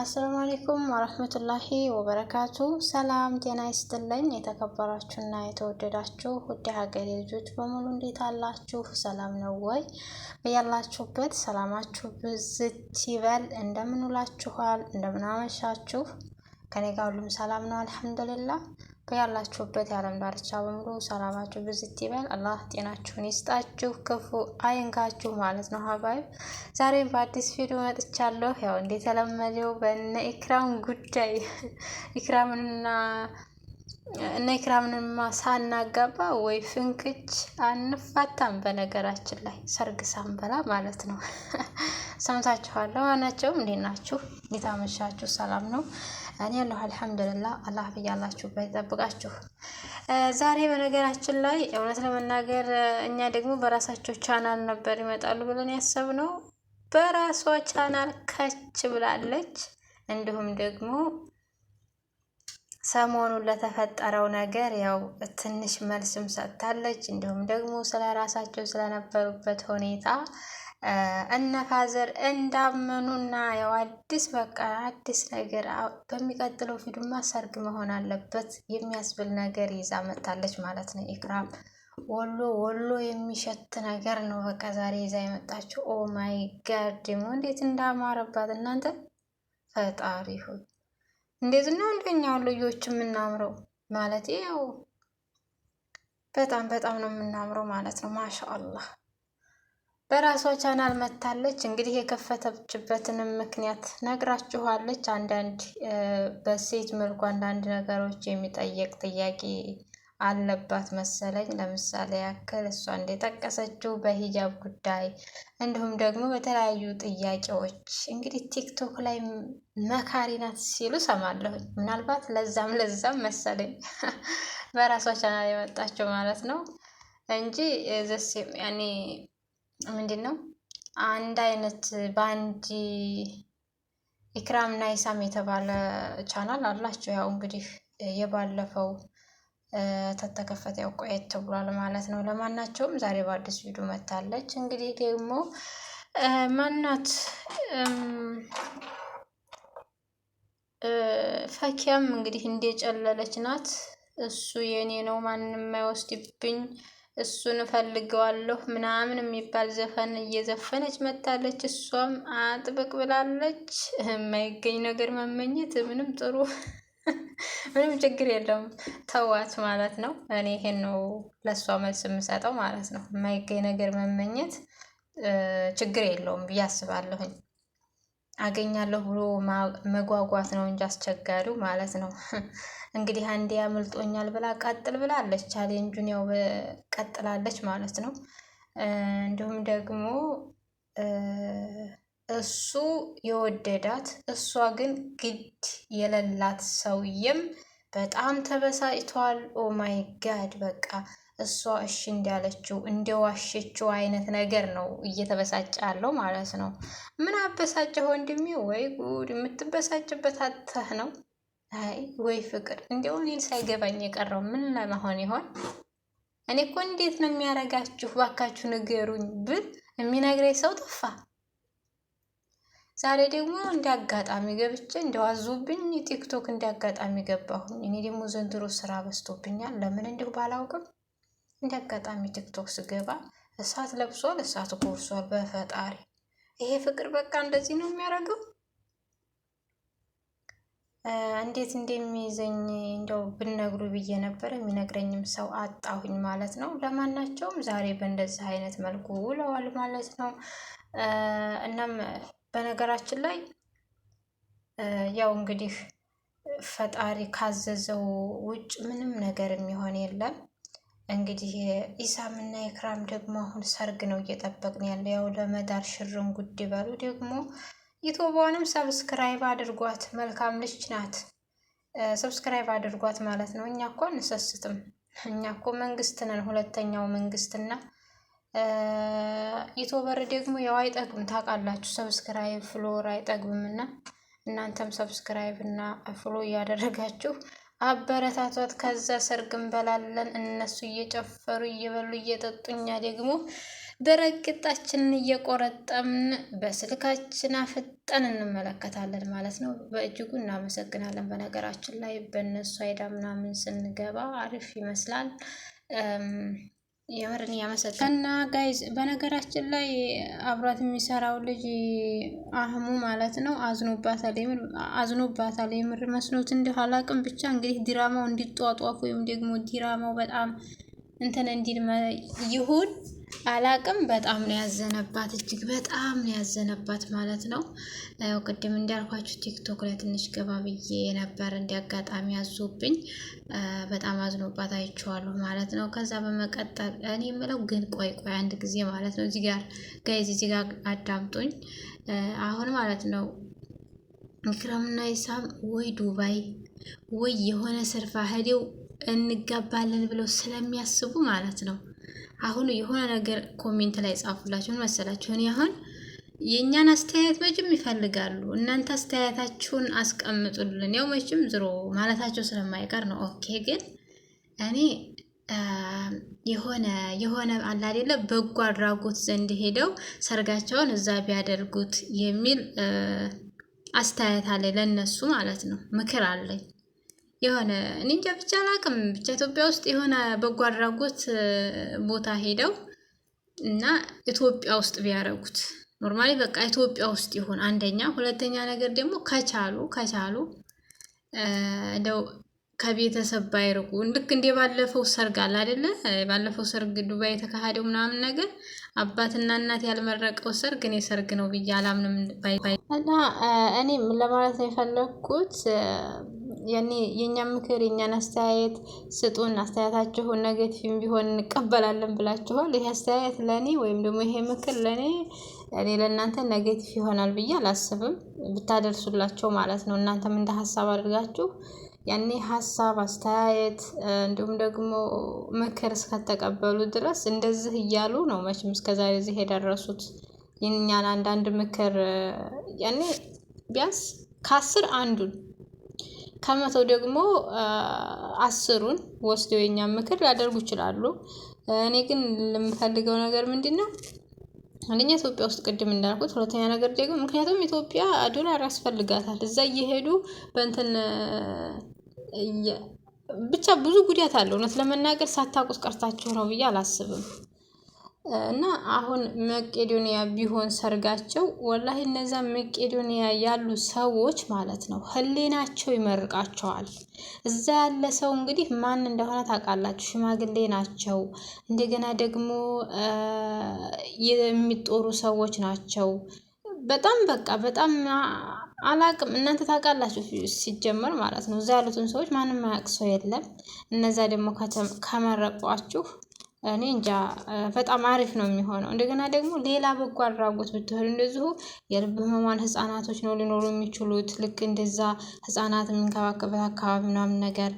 አሰላሙ አለይኩም ወረህመቱላሂ ወበረካቱ። ሰላም ጤና ይስጥልኝ። የተከበራችሁና የተወደዳችሁ ውድ ሀገሬ ልጆች በሙሉ እንዴት አላችሁ? ሰላም ነው ወይ? በያላችሁበት ሰላማችሁ ብዝት ይበል። እንደምን ውላችኋል? እንደምን አመሻችሁ? ከኔ ጋር ሁሉም ሰላም ነው አልሐምዱሊላህ። ያላችሁበት የዓለም ዳርቻ በሙሉ ሰላማችሁ ብዝት ይበል። አላህ ጤናችሁን ይስጣችሁ፣ ክፉ አይንካችሁ ማለት ነው። ሀባይብ ዛሬም በአዲስ ቪዲዮ መጥቻለሁ። ያው እንደተለመደው በነ ኢክራም ጉዳይ ኢክራምንና እነ ኢክራምንማ ሳናጋባ ወይ ፍንክች አንፋታም። በነገራችን ላይ ሰርግ ሳንበላ ማለት ነው። ሰምታችኋል። ለማናቸውም እንዴት ናችሁ? እንዴት አመሻችሁ? ሰላም ነው? እኔ ያለሁ አልሐምዱልላ። አላህ ብያላችሁ ይጠብቃችሁ። ዛሬ በነገራችን ላይ እውነት ለመናገር እኛ ደግሞ በራሳቸው ቻናል ነበር ይመጣሉ ብለን ያሰብነው፣ በራሷ ቻናል ከች ብላለች። እንዲሁም ደግሞ ሰሞኑን ለተፈጠረው ነገር ያው ትንሽ መልስም ሰጥታለች። እንዲሁም ደግሞ ስለ ራሳቸው ስለነበሩበት ሁኔታ እነ ፋዘር እንዳመኑና ያው አዲስ በቃ አዲስ ነገር በሚቀጥለው ፊልማ ሰርግ መሆን አለበት የሚያስብል ነገር ይዛ መጣለች ማለት ነው። ኢክራም ወሎ ወሎ የሚሸት ነገር ነው በቃ ዛሬ ይዛ የመጣችው። ኦ ማይ ጋድ ደግሞ እንዴት እንዳማረባት እናንተ ፈጣሪ ሆይ እንዴት ነው እንደኛው ልጆች የምናምረው? ማለት ያው በጣም በጣም ነው የምናምረው ማለት ነው። ማሻ አላህ በራሷ ቻናል መታለች። እንግዲህ የከፈተችበትንም ምክንያት ነግራችኋለች። አንዳንድ በሴት መልኩ አንዳንድ ነገሮች የሚጠየቅ ጥያቄ አለባት መሰለኝ። ለምሳሌ ያክል እሷ እንደጠቀሰችው በሂጃብ ጉዳይ እንዲሁም ደግሞ በተለያዩ ጥያቄዎች እንግዲህ ቲክቶክ ላይ መካሪ ናት ሲሉ ሰማለሁኝ። ምናልባት ለዛም ለዛም መሰለኝ በራሷ ቻናል የመጣቸው ማለት ነው እንጂ ዘሴ ያኔ ምንድን ነው አንድ አይነት በአንድ ኢክራም ናይሳም የተባለ ቻናል አላቸው። ያው እንግዲህ የባለፈው ተተከፈተ ያው ቆየት ብሏል ማለት ነው። ለማናቸውም ዛሬ በአዲስ ቪዲዮ መታለች። እንግዲህ ደግሞ ማናት ፈኪያም እንግዲህ እንደጨለለች ናት። እሱ የኔ ነው ማንም የማይወስድብኝ እሱን እፈልገዋለሁ ምናምን የሚባል ዘፈን እየዘፈነች መታለች። እሷም አጥብቅ ብላለች። የማይገኝ ነገር መመኘት ምንም ጥሩ ምንም ችግር የለውም። ተዋት ማለት ነው። እኔ ይሄን ነው ለእሷ መልስ የምሰጠው ማለት ነው። የማይገኝ ነገር መመኘት ችግር የለውም ብዬ አስባለሁኝ። አገኛለሁ ብሎ መጓጓት ነው እንጂ አስቸጋሪው ማለት ነው። እንግዲህ አንዴ ያመልጦኛል ብላ ቀጥል ብላለች፣ ቻሌንጁን ያው ቀጥላለች ማለት ነው። እንዲሁም ደግሞ እሱ የወደዳት እሷ ግን ግድ የለላት ሰውዬም በጣም ተበሳጭቷል። ኦ ማይ ጋድ በቃ እሷ እሺ እንዳለችው እንደዋሸችው አይነት ነገር ነው እየተበሳጨ ያለው ማለት ነው። ምን አበሳጨ ወንድሜ? ወይ ጉድ! የምትበሳጭበት አተህ ነው። አይ ወይ ፍቅር! እንዲያው እኔን ሳይገባኝ የቀረው ምን ለመሆን ይሆን? እኔ እኮ እንዴት ነው የሚያረጋችሁ ባካችሁ ንገሩኝ ብል የሚነግረኝ ሰው ጠፋ። ዛሬ ደግሞ እንዳጋጣሚ ገብቼ እንደዋዙብኝ ቲክቶክ እንዳጋጣሚ ገባሁኝ። እኔ ደግሞ ዘንድሮ ስራ በዝቶብኛል፣ ለምን እንዲሁ ባላውቅም እንዳጋጣሚ ቲክቶክ ስገባ እሳት ለብሷል፣ እሳት ጎርሷል። በፈጣሪ ይሄ ፍቅር በቃ እንደዚህ ነው የሚያደርገው። እንዴት እንደሚይዘኝ እንደው ብነግሩ ብዬ ነበር። የሚነግረኝም ሰው አጣሁኝ ማለት ነው። ለማናቸውም ዛሬ በእንደዚህ አይነት መልኩ ውለዋል ማለት ነው። እናም በነገራችን ላይ ያው እንግዲህ ፈጣሪ ካዘዘው ውጭ ምንም ነገር የሚሆን የለም። እንግዲህ ኢሳም እና ኢክራም ደግሞ አሁን ሰርግ ነው እየጠበቅን ያለ። ያው ለመዳር ሽርን ጉድ በሉ። ደግሞ ዩቱቧንም ሰብስክራይብ አድርጓት፣ መልካም ልጅ ናት። ሰብስክራይብ አድርጓት ማለት ነው። እኛ እኮ አንሰስትም። እኛ እኮ መንግስት ነን፣ ሁለተኛው መንግስትና ኢትዮበር ደግሞ ያው አይጠግብም ታውቃላችሁ፣ ሰብስክራይብ ፍሎር አይጠግብም እና እናንተም ሰብስክራይብ እና ፍሎ እያደረጋችሁ አበረታቷት። ከዛ ሰርግ እንበላለን። እነሱ እየጨፈሩ እየበሉ እየጠጡኛ ደግሞ በረግጣችንን እየቆረጠምን በስልካችን አፍጠን እንመለከታለን ማለት ነው። በእጅጉ እናመሰግናለን። በነገራችን ላይ በእነሱ አይዳ ምናምን ስንገባ አሪፍ ይመስላል። የምርን ያመሰግናል እና ጋይዝ፣ በነገራችን ላይ አብሯት የሚሰራው ልጅ አህሙ ማለት ነው አዝኖባታል። የምር አዝኖባታል። የምር መስኖት እንደው አላቅም። ብቻ እንግዲህ ዲራማው እንዲጧጧፍ ወይም ደግሞ ዲራማው በጣም እንትን እንዲል ይሁን። አላቅም በጣም ነው ያዘነባት፣ እጅግ በጣም ነው ያዘነባት ማለት ነው። ያው ቅድም እንዳልኳችሁ ቲክቶክ ላይ ትንሽ ገባ ብዬ የነበር እንዲያጋጣሚ ያዙብኝ በጣም አዝኖባት አይቼዋለሁ ማለት ነው። ከዛ በመቀጠል እኔ የምለው ግን ቆይ ቆይ አንድ ጊዜ ማለት ነው እዚህ ጋር ጋይዝ እዚህ ጋር አዳምጡኝ። አሁን ማለት ነው ኢክራምና ኢሳም ወይ ዱባይ ወይ የሆነ ስርፋ ሄደው እንጋባለን ብለው ስለሚያስቡ ማለት ነው አሁን የሆነ ነገር ኮሜንት ላይ ጻፉላችሁን መሰላችሁን ያሁን የእኛን አስተያየት መቼም ይፈልጋሉ። እናንተ አስተያየታችሁን አስቀምጡልን። ያው መቼም ዝሮ ማለታቸው ስለማይቀር ነው። ኦኬ ግን እኔ የሆነ የሆነ አለ በጎ አድራጎት ዘንድ ሄደው ሰርጋቸውን እዛ ቢያደርጉት የሚል አስተያየት አለ ለእነሱ ማለት ነው ምክር አለኝ። የሆነ እኔ እንጃ ብቻ አላውቅም። ብቻ ኢትዮጵያ ውስጥ የሆነ በጎ አድራጎት ቦታ ሄደው እና ኢትዮጵያ ውስጥ ቢያደርጉት ኖርማሊ በቃ ኢትዮጵያ ውስጥ ይሁን አንደኛ። ሁለተኛ ነገር ደግሞ ከቻሉ ከቻሉ እንደው ከቤተሰብ ባይርቁ ልክ እንደ ባለፈው ሰርግ አለ አይደለ? ባለፈው ሰርግ ዱባይ የተካሄደው ምናምን ነገር አባትና እናት ያልመረቀው ሰርግ እኔ ሰርግ ነው ብዬ አላምንም። እና እኔም ለማለት ነው የፈለግኩት ያኔ የኛን ምክር የእኛን አስተያየት ስጡን፣ አስተያየታችሁን ነገቲቭም ቢሆን እንቀበላለን ብላችኋል። ይህ አስተያየት ለእኔ ወይም ደግሞ ይሄ ምክር ለእኔ እኔ ለእናንተ ነገቲቭ ይሆናል ብዬ አላስብም። ብታደርሱላቸው ማለት ነው። እናንተም እንደ ሀሳብ አድርጋችሁ ያኔ ሀሳብ አስተያየት እንዲሁም ደግሞ ምክር እስከተቀበሉ ድረስ እንደዚህ እያሉ ነው መቼም እስከዛሬ እዚህ የደረሱት። የእኛን አንዳንድ ምክር ያኔ ቢያንስ ከአስር አንዱን ከመቶ ደግሞ አስሩን ወስደው የኛ ምክር ሊያደርጉ ይችላሉ። እኔ ግን ለምፈልገው ነገር ምንድን ነው? አንደኛ ኢትዮጵያ ውስጥ ቅድም እንዳልኩት፣ ሁለተኛ ነገር ደግሞ ምክንያቱም ኢትዮጵያ ዶላር ያስፈልጋታል። እዛ እየሄዱ በእንትን ብቻ ብዙ ጉዳት አለው። እውነት ለመናገር ሳታውቁት ቀርታችሁ ነው ብዬ አላስብም። እና አሁን መቄዶንያ ቢሆን ሰርጋቸው ወላሂ እነዛ መቄዶንያ ያሉ ሰዎች ማለት ነው ህሌናቸው ይመርቃቸዋል። እዛ ያለ ሰው እንግዲህ ማን እንደሆነ ታውቃላችሁ። ሽማግሌ ናቸው። እንደገና ደግሞ የሚጦሩ ሰዎች ናቸው። በጣም በቃ በጣም አላቅም እናንተ ታውቃላችሁ፣ ሲጀመር ማለት ነው። እዛ ያሉትን ሰዎች ማንም አያውቅ ሰው የለም። እነዛ ደግሞ ከመረቋችሁ እኔ እንጃ በጣም አሪፍ ነው የሚሆነው። እንደገና ደግሞ ሌላ በጎ አድራጎት ብትሆን እንደዚሁ የልብ ህመማን ህጻናቶች ነው ሊኖሩ የሚችሉት ልክ እንደዛ ህጻናት የምንከባከበት አካባቢ ምናምን ነገር